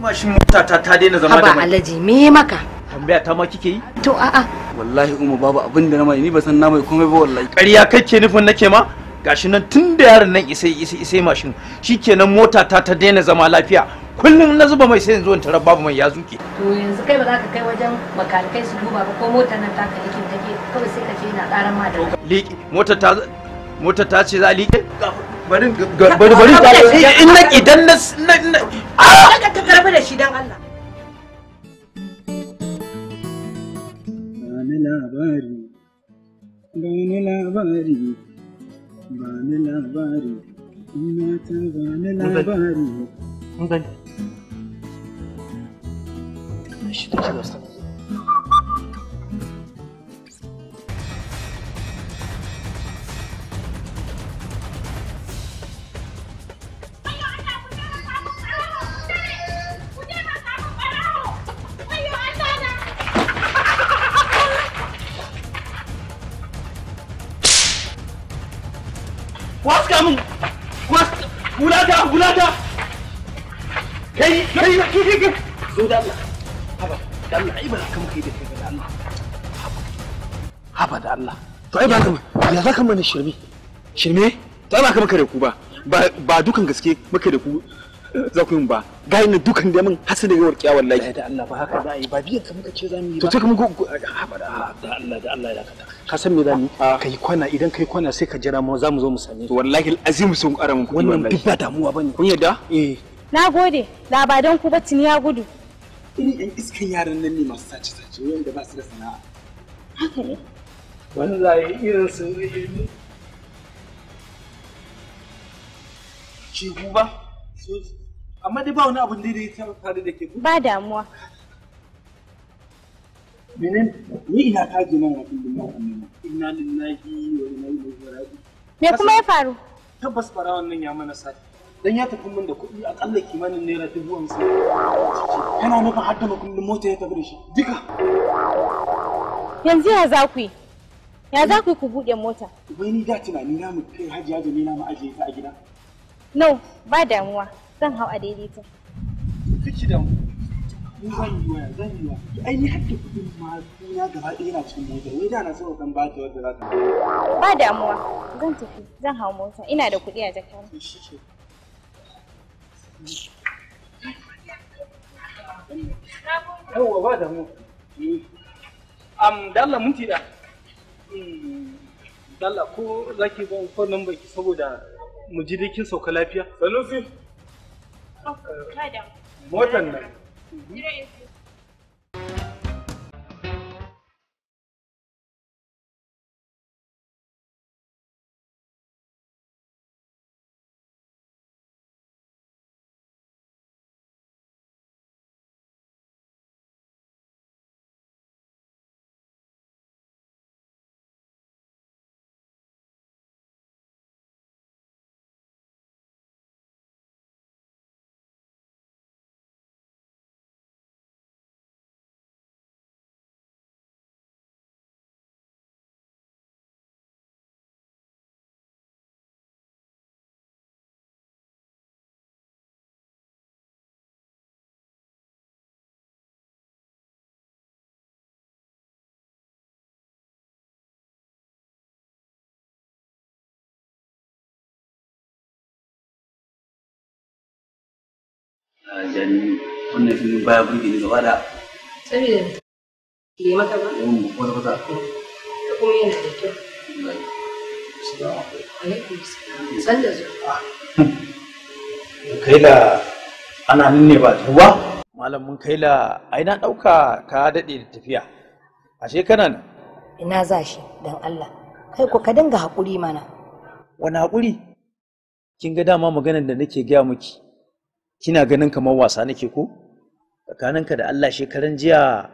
mashin mota ta ta daina zama da mai alaji me maka tambaya ta ma kike yi to a'a wallahi umu babu abin da na mai ni ba san na mai komai ba wallahi ƙarya kake nufin nake ma gashi nan tun da yaron nan isai isai isai mashin shikenan mota ta ta daina zama lafiya kullum na zuba mai sai yanzu in tarar babu mai ya zuke to yanzu kai ba za ka kai wajen makalikai su duba ba ko mota nan ta likin take kawai sai ka ce ina tsaran ma da liƙi mota ta mota ta ce za liƙe bari bari bari in na idan na a ah! ka karbi da shi dan Allah Bani labari Bani labari Bani labari Ina ta bani labari Mun bari Shi ta bari What's coming? What's Gulata, Gulata? Kai, kai, kai, kai. Zo da Allah. Haba, da Allah, ai ba ka kai da kai da Allah. Haba da Allah. To ai ba ka ya za ka mana shirme? Shirme? To ai ba ka maka da ku ba. Ba dukan gaske maka da ku eh, za ku yin ba ga yin dukan da mun hasu da yawar kyawar laifi da Allah ba haka za a yi ba biyan ka muka ce za mu yi ba to ta kuma da Allah da Allah ya ta. ka san me zamu kai kwana idan kai kwana sai ka jira mu za mu zo mu same wallahi alazim sun ƙara mun kuɗi wannan duk ba damuwa bane kun yadda eh na gode labadan ku batini ya gudu irin ɗan iskan yaran nan ne masu sace sace wanda ba su da sana'a haka ne wallahi irin su ne ci ba amma dai ba wani abun da ya faru da ke ba damuwa Menen ni ina taji nan wa kullum na annabi. Inna lillahi wa inna ilaihi raji'un. Me kuma ya faru? Tabbas barawan nan ya mana sai. Dan ya tafi min da kuɗi akalla kimanin naira dubu hamsin. Yana nufin hadda makullin mota ya tafi da shi. Duka. Yanzu ya za ku yi? Ya za ku yi ku buɗe mota? Wai ni da tunani na mu kai hajji hajji ne na mu ajiye ta a gida. No, ba damuwa. Zan hau a daidaita. Kiki damu. aini hatta gaba ɗaya cikin ba ta za ba damuwa zan tafi zan hau mota ina da kuɗi a jakar yawwa ba damuwa am dalla mun tida dalla ko zaki ba ko nan baki saboda mu ji dai kin sauka lafiya sanusi oh, motan nan 你这。一次。jami'in wannan filin baya burge ni gaba da saboda bai maka ba mun kwata kwata da kuma yana da kyau assalamu kai da ana nan ne ba tuwa malam mun kai la ai na dauka ka dade da tafiya ashe kana nan ina za shi dan Allah kai ko ka dinga hakuri mana wani hakuri kin ga dama maganar da nake gaya miki kina ganin kamar wasa nake ko tsakaninka da Allah shekaran jiya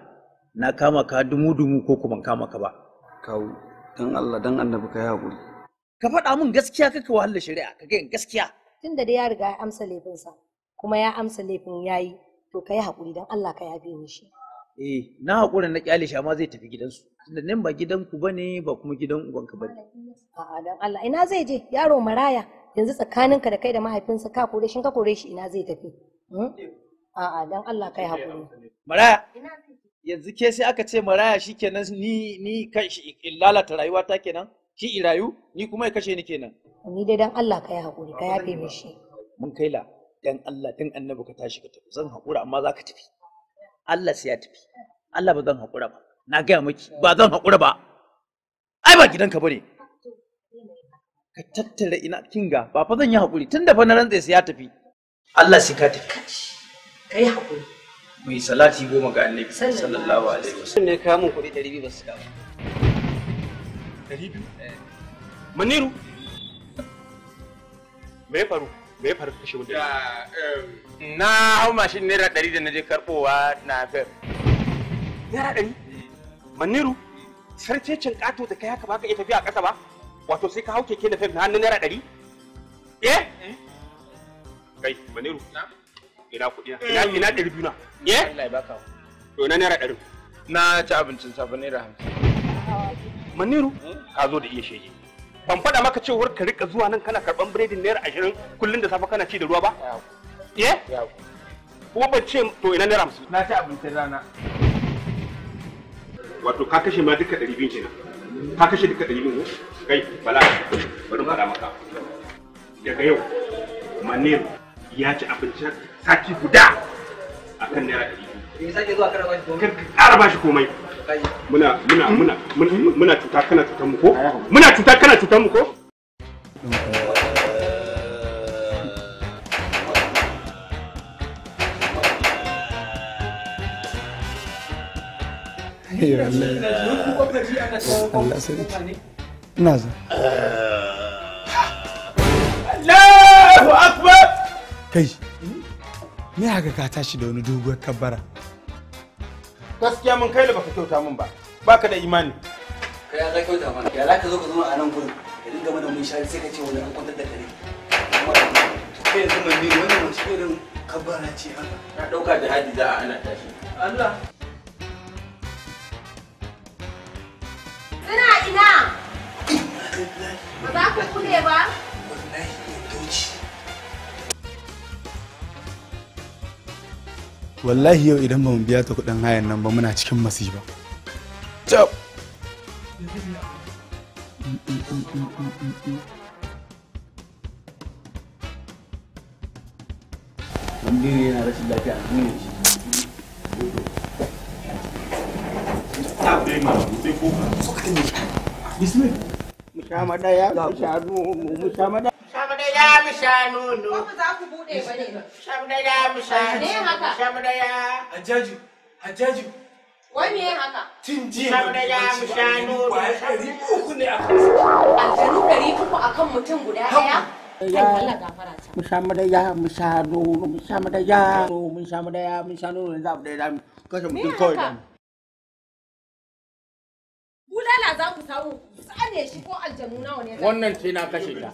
na kama ka dumu dumu ko kuma kama ka ba kawo dan Allah dan annabi ka yi hakuri ka faɗa min gaskiya kake wahalar shari'a ka ga gaskiya tunda da ya riga ya amsa laifinsa kuma ya amsa laifin yayi to ka yi hakuri dan Allah ka yafe shi. eh na hakura na kyale shi amma zai tafi gidansu tunda nan ba gidanku bane ba kuma gidan ka bane a'a dan Allah ina zai je yaro maraya yanzu tsakaninka da kai da mahaifinsa ka kore shi ka kore shi ina zai tafi hmm? a'a dan Allah kai hakuri maraya yanzu ke sai aka ce maraya shikenan ni ni kai shi lalata rayuwa ta kenan shi irayu ni kuma ya kashe ni kenan ni dai dan Allah kai hakuri ka yafe mishi mun kai la dan Allah dan annabi ka tashi ka tafi zan hakura amma za ka tafi Allah sai ya tafi Allah ba zan hakura ba na gaya miki ba zan hakura ba ai ba gidanka bane ka tattara ina kinga ba fa zan yi haƙuri tun da fa na rantsa sai ya tafi Allah sai ka tafi kai yi haƙuri mai salati goma ga annabi sallallahu alaihi wasallam ne ka mun kuɗi 200 ba su ka ba 200 eh. maniru me ya faru me ya faru kashe wanda na hau mashin naira 100 da na je karɓowa na fem naira 100 eh. maniru sarkecin ƙato da kai haka ba ka iya tafiya a ƙasa ba wato sai ka hau keke da fem hannun naira ɗari eh kai maniru ina kuɗi ina ina ɗari biyu na eh Allah ya baka to ina naira ɗari na ci abincin safe naira hamsin maniru hmm? ka zo da iya shege ban faɗa maka cewar ka rika zuwa nan kana karɓan biredin naira ashirin kullum da safe kana ci da ruwa ba eh kuma ban ce to ina naira hamsin na ci abincin rana wato ka kashe ma duka ɗari biyu kenan ka kashe duka ɗari uku kai bala bari fara maka daga yau manir ya ci abincin sati guda a kan naira ɗari sake zuwa kara ba shi komai muna muna muna muna cuta kana cutar mu ko muna cuta kana cutar mu ko Allah sarki ina zo Allahu akbar kai me haka ka tashi da wani doguwar kabbara gaskiya mun kai da baka kyauta mun ba baka da imani kai ya za kyauta mana ya za ka zo ka zama a nan gurin ka dinga mana mun shari sai ka ce wani an kwantar da kare kai yanzu mai ne wannan wace irin kabbara ce haka na dauka jihadi za a ana tashi Allah Ba ku kule ba? Wallahi yau idan ba mu biya ta kuɗin hayan nan ba muna cikin masifa. Cap! Mandiri yana rashin lafiya a duniya shi. Bismillah. mu sha madaya mu sha nono mu sha madaya mu sha nono. Ko ba za ku bude ba ne? Shamdaya mu sha. Ne haka? Shamdaya. Hajjaju, Hajjaju. Wai ne haka? Tun jiya. Shamdaya mu sha nono. Ɗari uku ne a Aljanu uku a mutum guda ɗaya? Mu sha madaya, mu sha nono, mu sha madaya, mu sha madaya, mu sha nono, kashe mutum kawai da mu. za ku samu tsane shi ko aljanu nawa ne wannan ce na kashe ta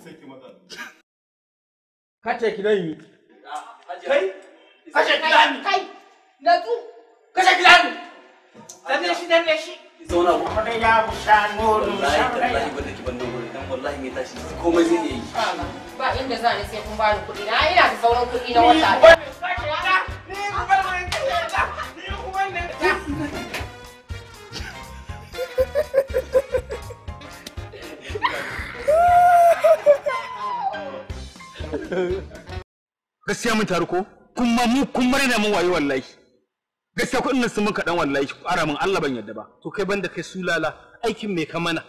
kace ki yi kai kashe ki kai na tu kashe ki dan shi dan shi zauna ku kada ya sha nuru wallahi ba ki dan wallahi me tashi komai zai yi ba inda za ni sai kun ba ni kuɗi na ina da sauran kuɗi na wata ni ba ni ba ni ba ni gaskiya mun taru ko kuma mu kun na mun wayo wallahi gaskiya kuɗin nan sun mun kaɗan wallahi ƙara mun Allah ban yadda ba to kai banda kai sulala aikin me ka mana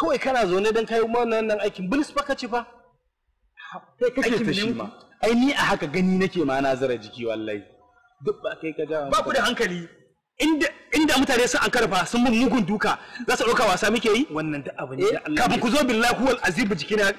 kawai kana zaune don kai wannan nan aikin bilis fa kace fa kai kake ta shi ma ai ni a haka gani nake ma na zara jiki wallahi duk ba kai ka jawo ba ku da hankali inda inda mutane sun an karfa sun mun mugun duka za su ɗauka wasa muke yi wannan da abu ne eh, da Allah kafin ku zo billahi huwal azib jikina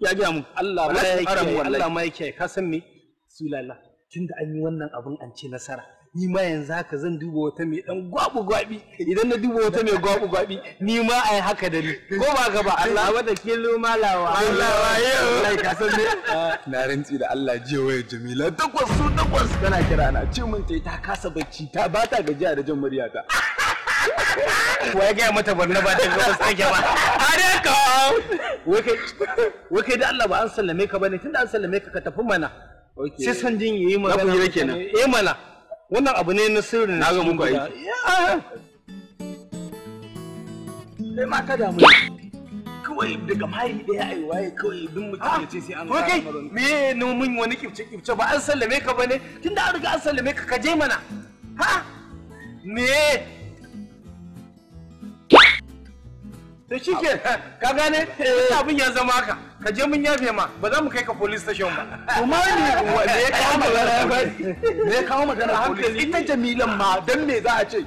ya gaya mu Allah ma yake Allah ma yake ka san me sulala tunda an yi wannan abin an ce nasara ni ma yanzu haka zan duba wata mai dan gwabu gwabi idan na duba wata mai gwabu gwabi ni ma ai haka da ni ko ba ka ba Allah wata kilo malawa Allah wa yau ka san ne na rantsi da Allah jiya waya Jamila takwas su takwas tana kira na ce mun ta kasa bacci ta bata gajiya da jan muryata wa ya gaya mata barna ba ta gabas take ba ka wuke wuke da Allah ba an sallame ka bane tunda an sallame ka ka tafi mana sai san jin yayi magana ku yake kenan eh mana wannan abu ne na sirri na ga muku aiki kai ma ka damu kawai daga mai da ya ai waye kawai dun mutum ya ce sai an zama ah! kai me ne mun wani kibce kibce ba an sallame ka bane tunda an riga an sallame ka ka je mana ha me to shi ke ka gane eh, abin ya zama haka ka je mun yafe ma ba za mu kai ka police station ba kuma ne da ya kawo magana bari ne ya kawo magana hankali ita jamilan ma dan me za a ce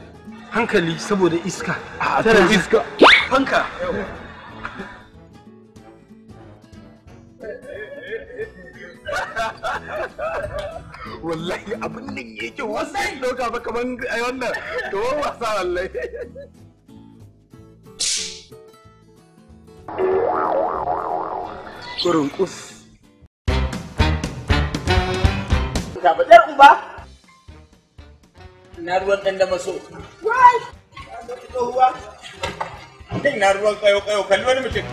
hankali saboda iska a tara iska fanka wallahi abin nan yake wasu ɗauka ba kaman eh, wannan to wasa wallahi Kurin kus. Tabbatar uba. Na ruwan ɗan da maso. Wai! Na ruwan kayo-kayo, kalli wani mutum.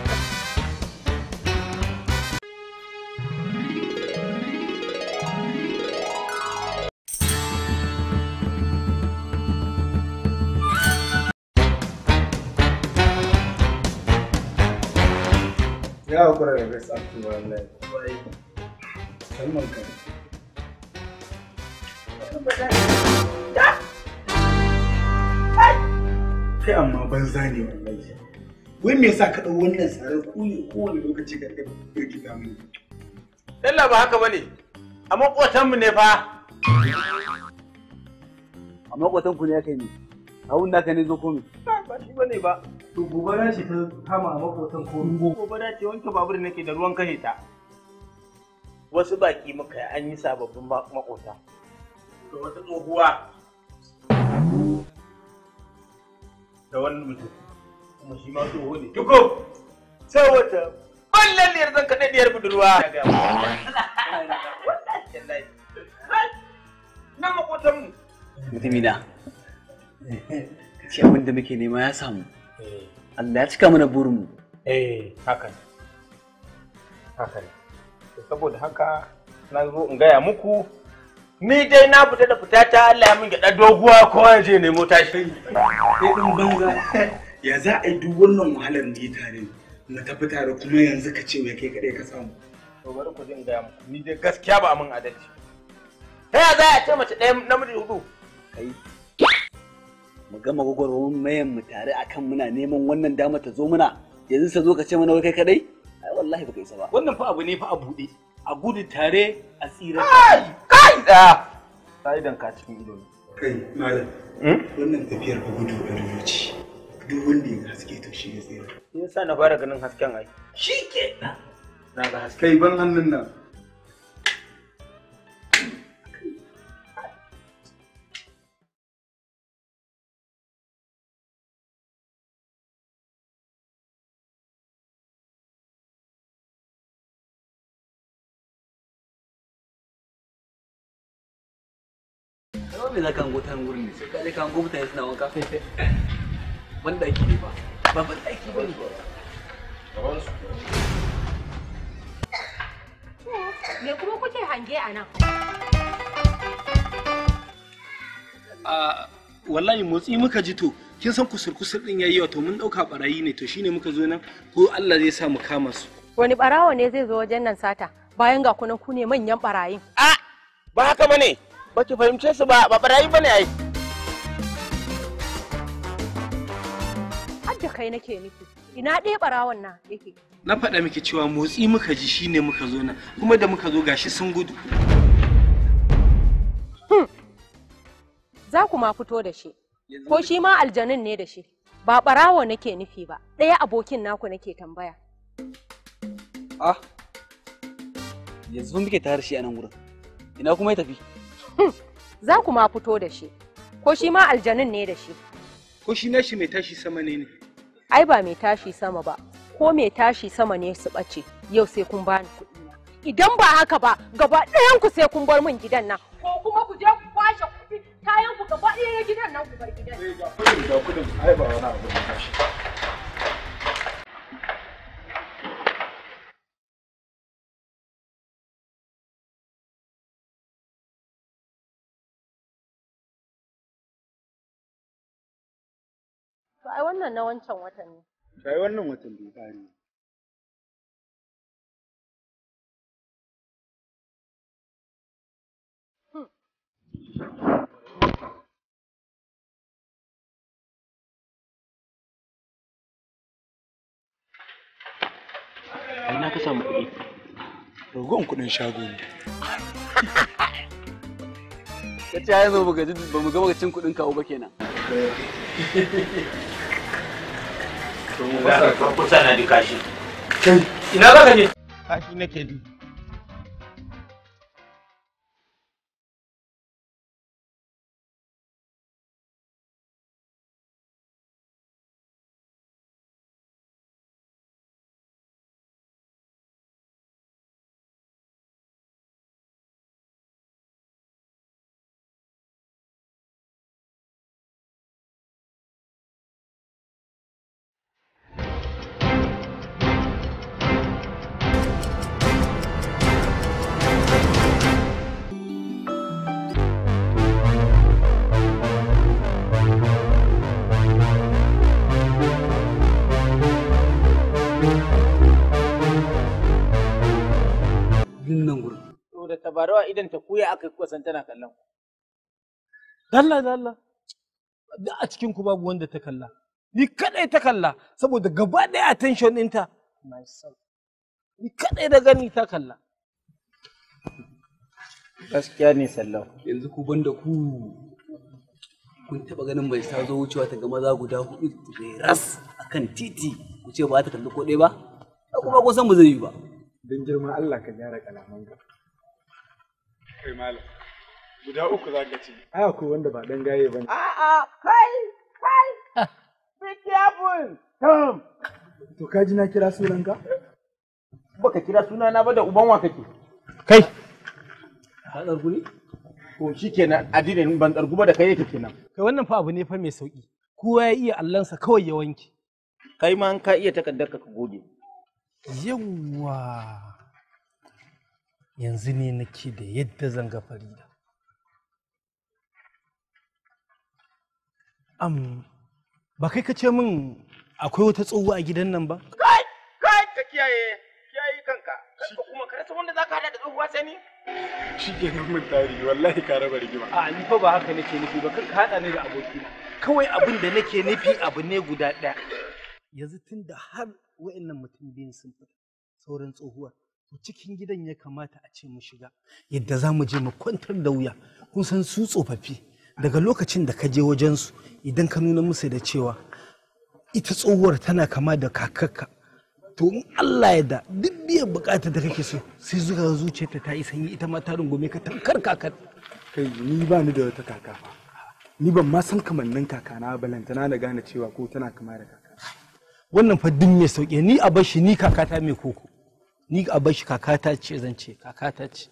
Ya hakura da gaske-gashen best actor wallahi. Wai. Kalman ka. Kai amma banza ne wallahi. Wai me yasa ka ɗau wannan tsarar kuyi kowane lokaci ka kai ɗauki zamani? Dalla ba haka bane. A mu ne fa. A ku ne aka yi ne. Kawun naka ne zo komi. ba shi bane ba to gobara ce ta kama a makotan ko gobara ce wanke babur nake da ruwan kashe ta wasu baki muka yi an yi sababbin makota da wata tsohuwa da wani mutum kuma shi ma tsoho ne tuko sai wata ballan ne zan kaɗa ɗiyar budurwa nan makotan mu mutumina ci abin da muke nema ya samu eh. Allah ya cika mana burinmu eh haka ne. saboda haka na zo in gaya muku ni dai na fita da fita ta Allah ya min gyaɗa doguwa ko ya je nemo tashi sai ɗin banza ya za a yi duk wannan wahalar ne tare na fita da kuma yanzu ka ce ya kai kaɗai ka samu to bari ku in gaya muku ni dai gaskiya ba min adalci ta ya za a ce mace ɗaya namiji hudu kai mu gama gwagwarmu mayan mu tare akan muna neman wannan dama ta zo muna yanzu sa zo ka ce mana kai kadai ai wallahi baka isa ba wannan fa abu ne fa a buɗe a gudu tare a tsira kai kai da dan ka cikin ido kai malam hmm? wannan tafiyar ba gudu da ce. duk wanda ya haske to shi ya tsira yasa na fara ganin hasken ai shike na ga haske kai ban hannun nan ka ne sai suna me kuma kuke hange a nan wallahi motsi muka ji to kin san kusur kusur din yayi to mun dauka barayi ne to shine muka zo nan ko Allah zai sa mu kama su wani barawo ne zai zo wajen nan sata bayan ga kunan ku ne manyan barayin a ba haka bane ba ki fahimce su ba ba barayi ba ne ai hadda kai nake miki ina ɗaya barawon na? yake na faɗa miki cewa motsi muka ji shine muka zo nan kuma da muka zo gashi sun gudu hmm. za ku ma fito da shi ko shi ma aljanin ne da shi ba barawo nake nufi ba ɗaya abokin naku nake tambaya ah yanzu muke tare shi a nan gurin ina kuma ya tafi Hmm, za ku ma fito da shi ko shi ma aljanin ne da shi ko shi nashi mai tashi sama ne ne ai ba mai tashi sama ba ko mai tashi sama ne su ɓace yau sai kun bani kuɗi na idan ba haka ba gaba ɗayan ku sai kun bar min gidan nan ko kuma ku je ku kwashe kuɗi kayan ku gaba ɗaya gidan nan ku bar gidan tashi eh, ai wannan na wancan watan ne. To ai wannan watan bai kare. na ka samu kuɗi? Rogon kuɗin shago ne. Ka ce yanzu ba mu gama cin kuɗin kawo ba kenan. ina za ka je nake duk saboda tabarawa idan ta kuya aka kusan tana kallon ku dalla dalla da a cikin ku babu wanda ta kalla ni kadai ta kalla saboda gaba ɗaya attention ɗinta myself ni kadai da gani ta kalla gaskiya ne sallau yanzu ku banda ku kun taɓa ganin mai sa zo wucewa ta gama maza guda hudu ras a kan titi ku ce ba ta kalli ko ɗaya ba kuma kusan ba zai yi ba don girma Allah ka gyara kalamanka Kai malam. Guda uku za ka ce. Ai akwai wanda ba dan gaye ba ne. A'a kai kai. Be careful. Tom. To ka ji na kira sunanka? Baka kira sunana ba da uban wa kake. Kai. Hadar guri? To shikenan addinin ban ba da kai yake kenan. Kai wannan fa abu ne fa mai sauki. Kowa ya iya allansa kawai ya wanke. Kai ma an ka iya takardar ka goge. Yawwa. yanzu ne nake da yadda zan ga farida am ba kai ka ce min akwai wata tsohuwa a gidan nan ba kai kai ka kiyaye kiyaye kanka kanka kuma ka rasa wanda zaka hada da tsohuwa sai ni shi ke nan mun tari wallahi ka raba rigima a ni fa ba haka nake nufi ba kanka hada ni da abokina kawai abin da nake nufi abu ne guda ɗaya yanzu tun da har wa'annan mutum biyun sun fita sauran tsohuwar cikin gidan ya kamata a ce mu shiga yadda za mu je mu kwantar da wuya kun san su tsofaffi daga lokacin da ka je wajensu idan ka nuna musu da cewa ita tsohuwar tana kama da kakakka to in Allah ya da duk biyan bukata da kake so sai zuwa zuciyarta ta yi sanyi ita ma ta rungume ka tankar kakar kai ni ba ni da wata kaka fa ni ban ma san kamannin kakana balantana na gane cewa ko tana kama da kaka wannan fa duk mai sauke ni a bashi, ni kakata mai koko ni a bashi kakata ce zan ce kakata ce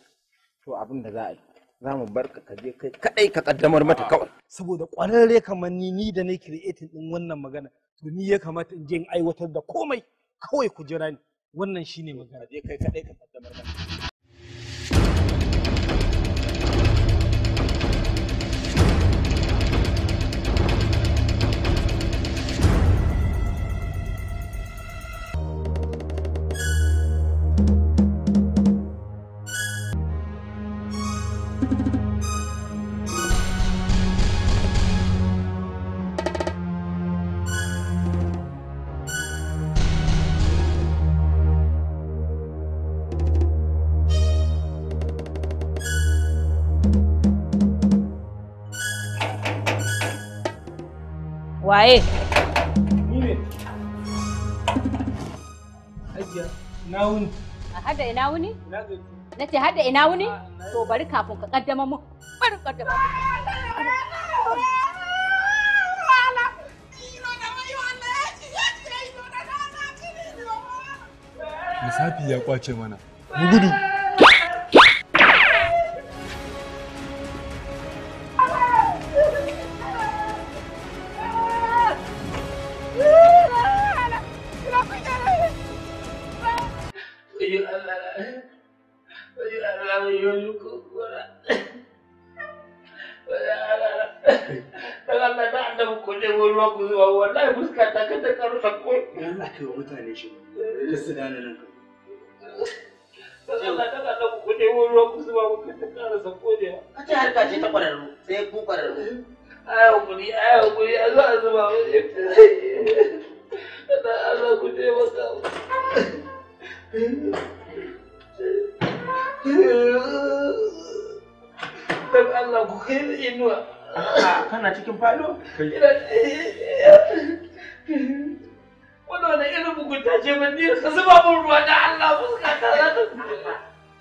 to abin da za a yi za mu bar ka je kai kadai ka kaddamar mata kawai saboda kwararre kamar ni ni da ne creating din wannan magana to ni ya kamata in je in aiwatar da komai kawai ku jira ni wannan shine magana je kai kadai ka kaddamar mata waye ne hajiya ina wuni a hada ina wuni Ina na ce hada ina wuni ah, to bari kafin ka kaddama mu bari kaddama mu lissafi ya kwace mana mu gudu harka ce ta ƙwararru sai ku ƙwararru. Ai ai a zo a zuba ku Dan Allah ku kai inuwa. Kana cikin falo? Wannan irin mugunta ce ni ka zuba ruwa da Allah fuska ta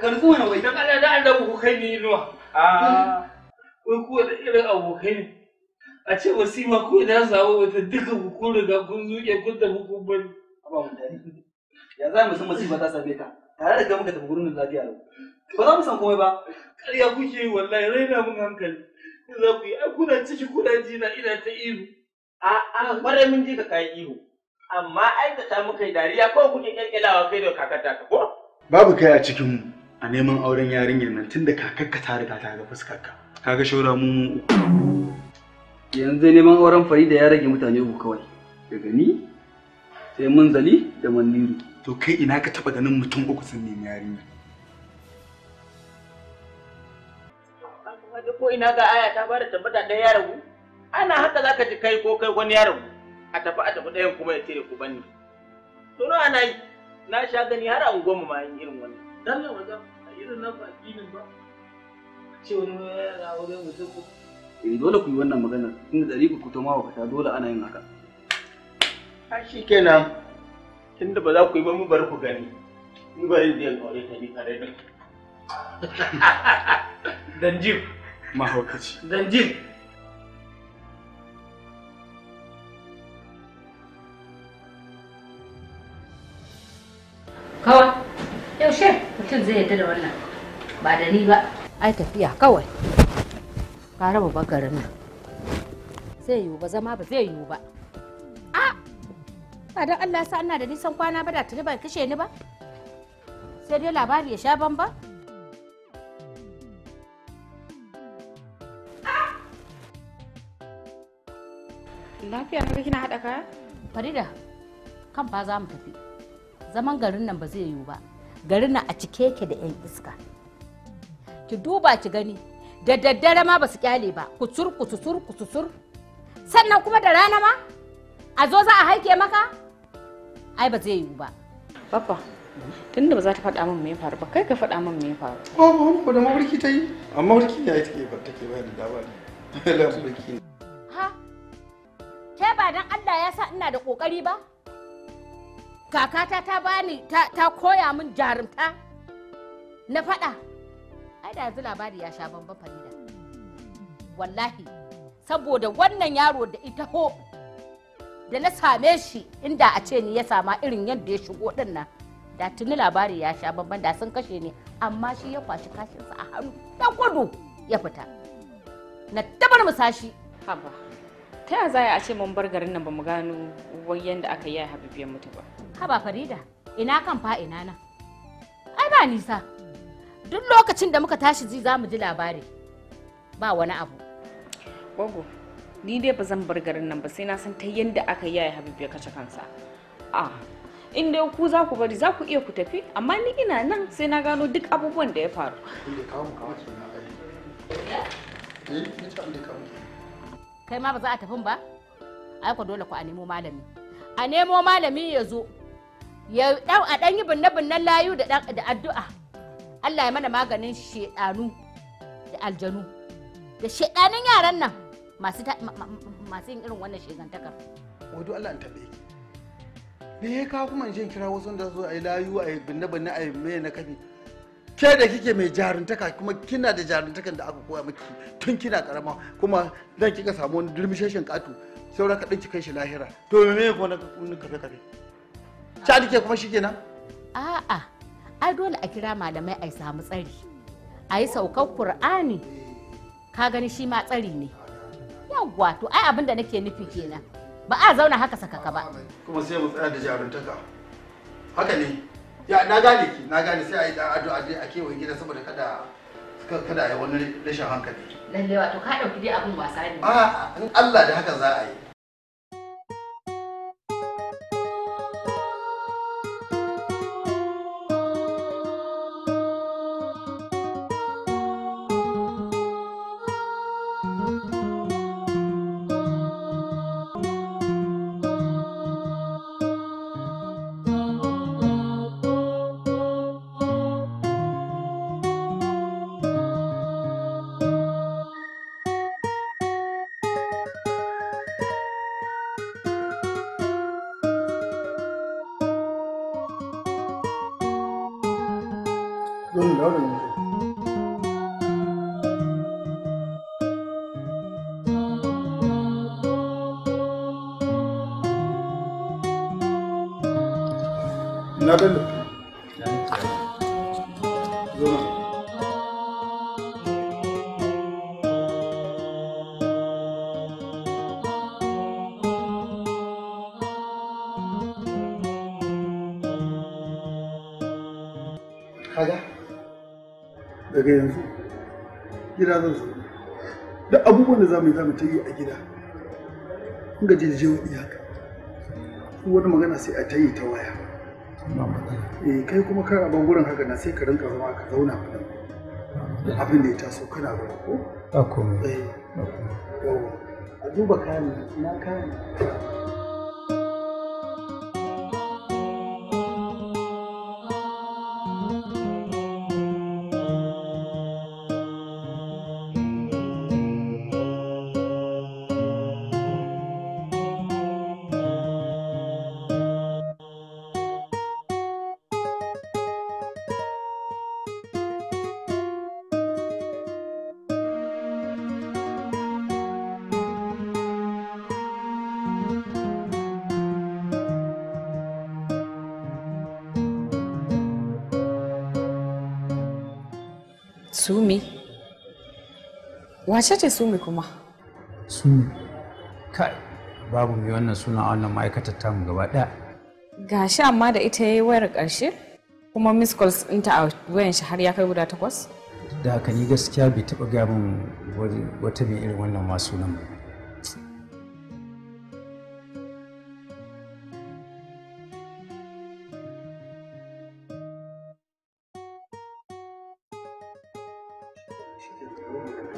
Ka nutsu wani wai. Dan Allah da Allah ku kai ni inuwa. Ah. Wai ku da irin abokai ne. A ce ma ko da zawo wata duka ku kun riga kun zuke kun tafi kun bari. Aba mu tare. Ya za mu san masifa ta same ka. Tare da gama ka tafi gurin lafiya lau. Ba za mu san komai ba. Ƙarya kuke yi wallahi raina mun hankali. Za ku yi ai kuna ciki kuna ji na ina ta ihu. A'a bare mun ji ka kai ihu. Amma aikata muka yi dariya ko kuke kyalkyalawa kai da kakata ka ko? babu kai a cikin a neman auren yarinyar nan tunda kakakka ta riga ta ga fuskarka kaga shaura mu yanzu neman auren farida ya rage mutane uku kawai daga ni sai munzali da manniru to kai ina ka taba ganin mutum uku sun nemi yarinya ko ina ga aya ta bada tabbata da ya ragu ana haka zaka ji kai ko kai wani ya a tafi a tafi ɗayan kuma ya tire ku banni to ana yi na sha gani har an goma ma irin wannan dalla wajen a irin nan ba addinin ba ce wani yana wajen mutum ko in eh, dole ku yi wannan maganar in da dari ku to ma ta dole ana yin haka ha shi kenan tunda ba za ku yi ba mu bar ku gani ni ba zai aure ta ni kare da danjib mahaukaci Danjin. mutum zai yadda da wannan ba da ni ba ai tafiya kawai ka raba bagarin nan zai yiwu ba zama ba zai yiwu ba a ba don allah sa ina da nisan kwana ba da tuni ba kashe ni ba sai dai labari ya sha ba? lafiya na kina haɗa kaya? Farida, kan fa za mu tafi. Zaman garin nan ba zai yiwu ba. gari na a cike ke da 'yan iska ki duba ki gani da daddare ma ba su kyale ba kucur kucur kucur sannan kuma da rana ma a zo za a haike maka ai ba zai yiwu ba Papa, tunda ba za ta faɗa min me ya faru ba kai ka faɗa min me ya faru ko ba ko da mawarki ta yi amma mawarki ne yi take ba take ba da labari ha ke ba dan Allah ya sa ina da kokari ba kakata ta bani ta koya min jarumta na faɗa ai da yanzu labari ya sha bamba farida wallahi saboda wannan yaro da ita ho da na same shi inda a ce ni ya sama irin yadda ya shigo din nan da tuni labari ya sha bamban da sun kashe ni amma shi ya kwashi kashinsa a hannu ta gudu ya fita na tabar musashi haba ta yaya za a ce mun bar garin nan ba mu gano wai yanda aka yi a habibiyan mutu ba haba farida ina kan fa ina nan ai ba nisa duk lokacin da muka tashi ji za mu ji labari ba wani abu gogo ni dai ba zan bar garin nan ba sai na san ta yadda aka yaya habibu ya kace kansa a in dai ku za ku bari za ku iya ku tafi amma ni ina nan sai na gano duk abubuwan da ya faru eh, kai ma ba za a tafin ba ai ku dole ku a nemo malami a nemo malami ya zo ya ɗan a ɗan yi binne-binnen layu da addu'a Allah ya mana maganin shedanu da aljanu da shedanin yaran nan masu yin irin wannan shigantakar. Wadu Allah an tabe ki. Me ya kawo kuma je kira wasu da zo ayi layu a binne-binne ayi me na kafi. Ke da kike mai jaruntaka kuma kina da jaruntakan da aka koya miki tun kina karama kuma dan kika samu wani durmisheshin katu saura ka ɗin kai shi lahira. To me ne ko na kafe-kafe? ta dike kuma kenan? a'a ai dole a kira malamai a samu tsari a yi saukar qur'ani ka gani shi ma tsari ne yawwa to ai abin da nake nufi kenan ba a zauna haka sakaka ba kuma sai mu tsaya da jaruntaka haka ne ya na gane ki na gane sai a yi da addu'a dai a kewaye gida saboda kada kada a yi wani rashin hankali lalle to ka dauki dai abin wasa ne a'a in Allah da haka za a yi ga kaga daga yanzu gida zan zo da abubuwan da zamu yi zamu ta yi a gida kun gaje da jewa iyaka wani magana sai a ta yi ta waya Eh, kai kuma kar a bangaren haka na sai ka rinka zama ka zauna kullum abin da ya taso kana ba ko a komai eh. a duba kayan na kayan wace ce sumi kuma sumi kai babu mai wannan suna a wannan ma'aikatar tamu gaba ɗaya gashi amma da ita ya yi wayar ƙarshe kuma miss calls ɗinta a wayan shi har ya kai guda takwas da haka ni gaskiya bai taɓa gaya min wata mai irin wannan masu nan ba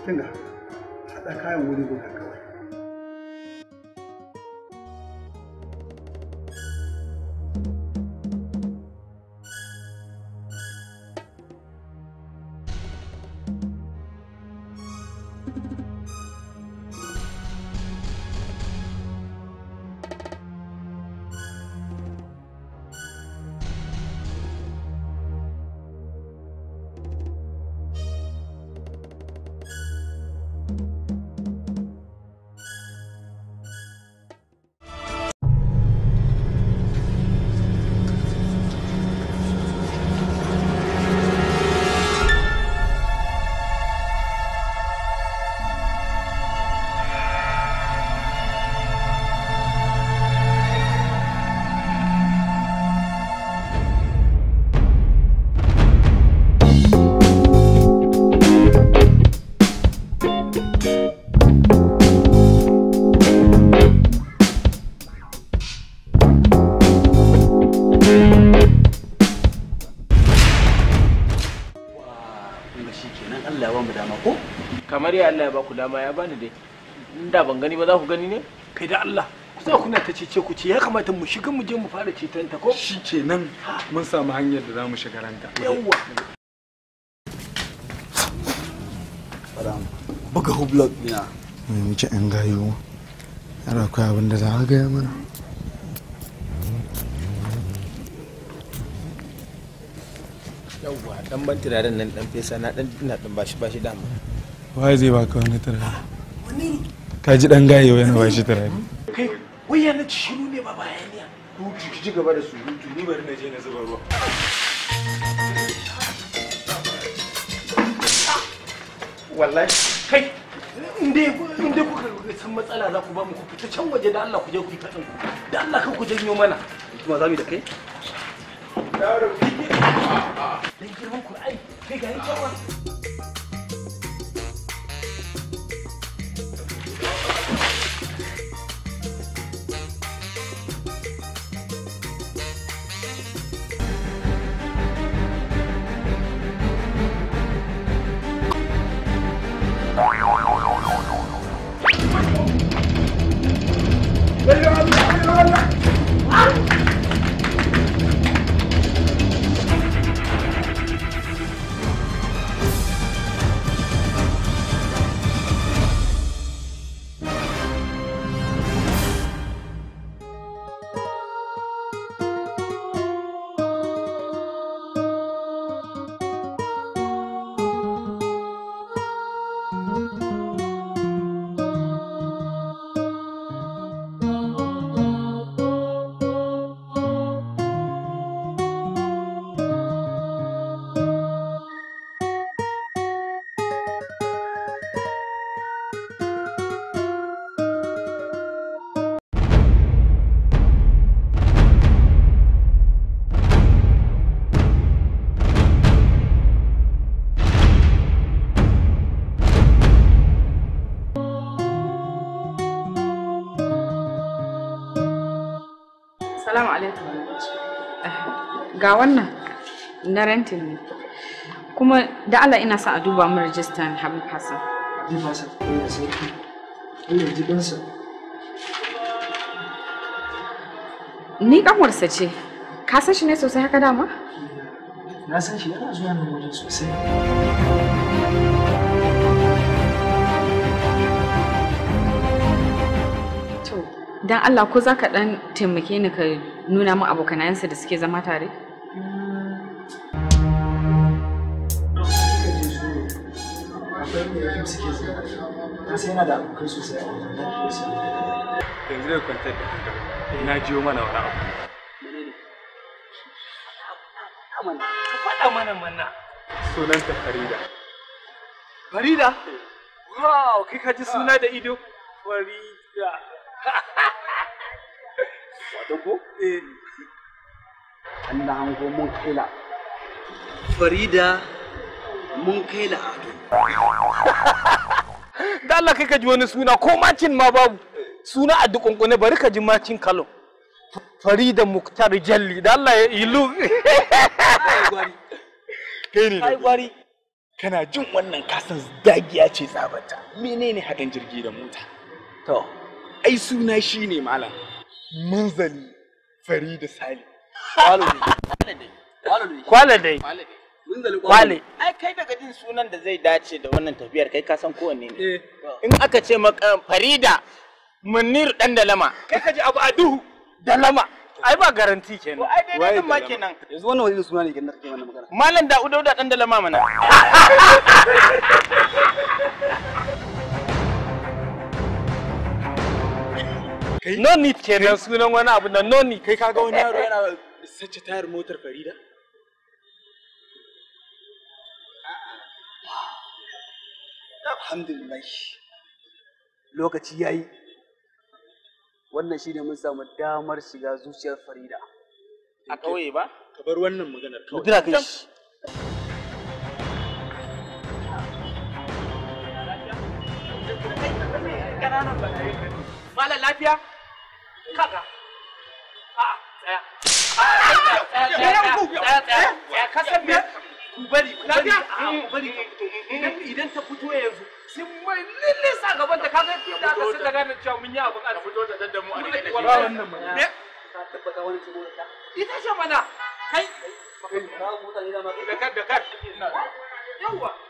kinga haɗa kayan wuri guda kawai ba ku dama ya bani dai in da ban gani ba za ku gani ne kai da Allah kusa kuna ta cece ku ce ya kamata mu shiga mu je mu fara ceton ta ko shi kenan mun samu hanyar da za mu shiga ranta yawwa buga blog dina mai mace an gayo yana kai abin da za a gaya mana yawwa dan ban nan dan fesa na dan ina dan bashi bashi dama waye zai baka wani turare ka ji dan gaye yana ba shi turare kai wai yana ci shi ne ba bayaniya ki na je na zuba ruwa wallahi kai inda matsala za ku ba can waje da Allah yi fatan da Allah kan ku mana kuma za mu ga wannan na rentin ne kuma da Allah ina sa a duba min rajistan Habib Hassan Habib Hassan ko sai ni kanwarsa ce ka san shi ne sosai haka dama na san shi yana zuwa nan wajen sosai dan Allah ko za ka dan taimake ni ka nuna min abokanayensa da suke zama tare? yana da abokai sosai a kwantar da na mana ka faɗa mana sunanta farida farida wow kai ka ji suna da ido farida wato ko eh an hango mun farida mun kai la. da Allah kai ka ji wani suna ko macin ma babu suna a dukunkune bari ka ji macin kalo farida muktar jalli da Allah ya ilu kai ne ai gwari kana jin wannan kasan dagiya ce tsabata menene haɗin jirgi da mota to ai suna shine malam manzali farida sali Kwale dai. Kwale. Ai kai daga jin sunan da zai dace da wannan tafiyar kai ka san kowanne ne. Eh. In aka ce maka um, Farida Munir dan Dalama. Kai ka ji abu a duhu Dalama. Ai ba garanti kenan. Ai dai dai ma kenan. Yanzu wannan wani suna ne kenan kake wannan magana. Malam Da'u Dauda dan Dalama mana. Noni kenan sunan wani abu na noni kai kaga wani yaro yana sace tayar motar Farida? Alhamdulillah. Lokaci ya yi. Wannan shi ne mun samu damar shiga zuciyar Farida. A kawai ba? Ka bar wannan maganar kawai. Mutura kai shi. lafiya? Kaka. idan ta fito yanzu sai mai lille sa gaban ta kaga da aka sun gane cewa mun yi abin arziki fito da daddamu a rike da wannan mana ta tabbata wani cibo ta ita ce mana kai da kar da kar yawa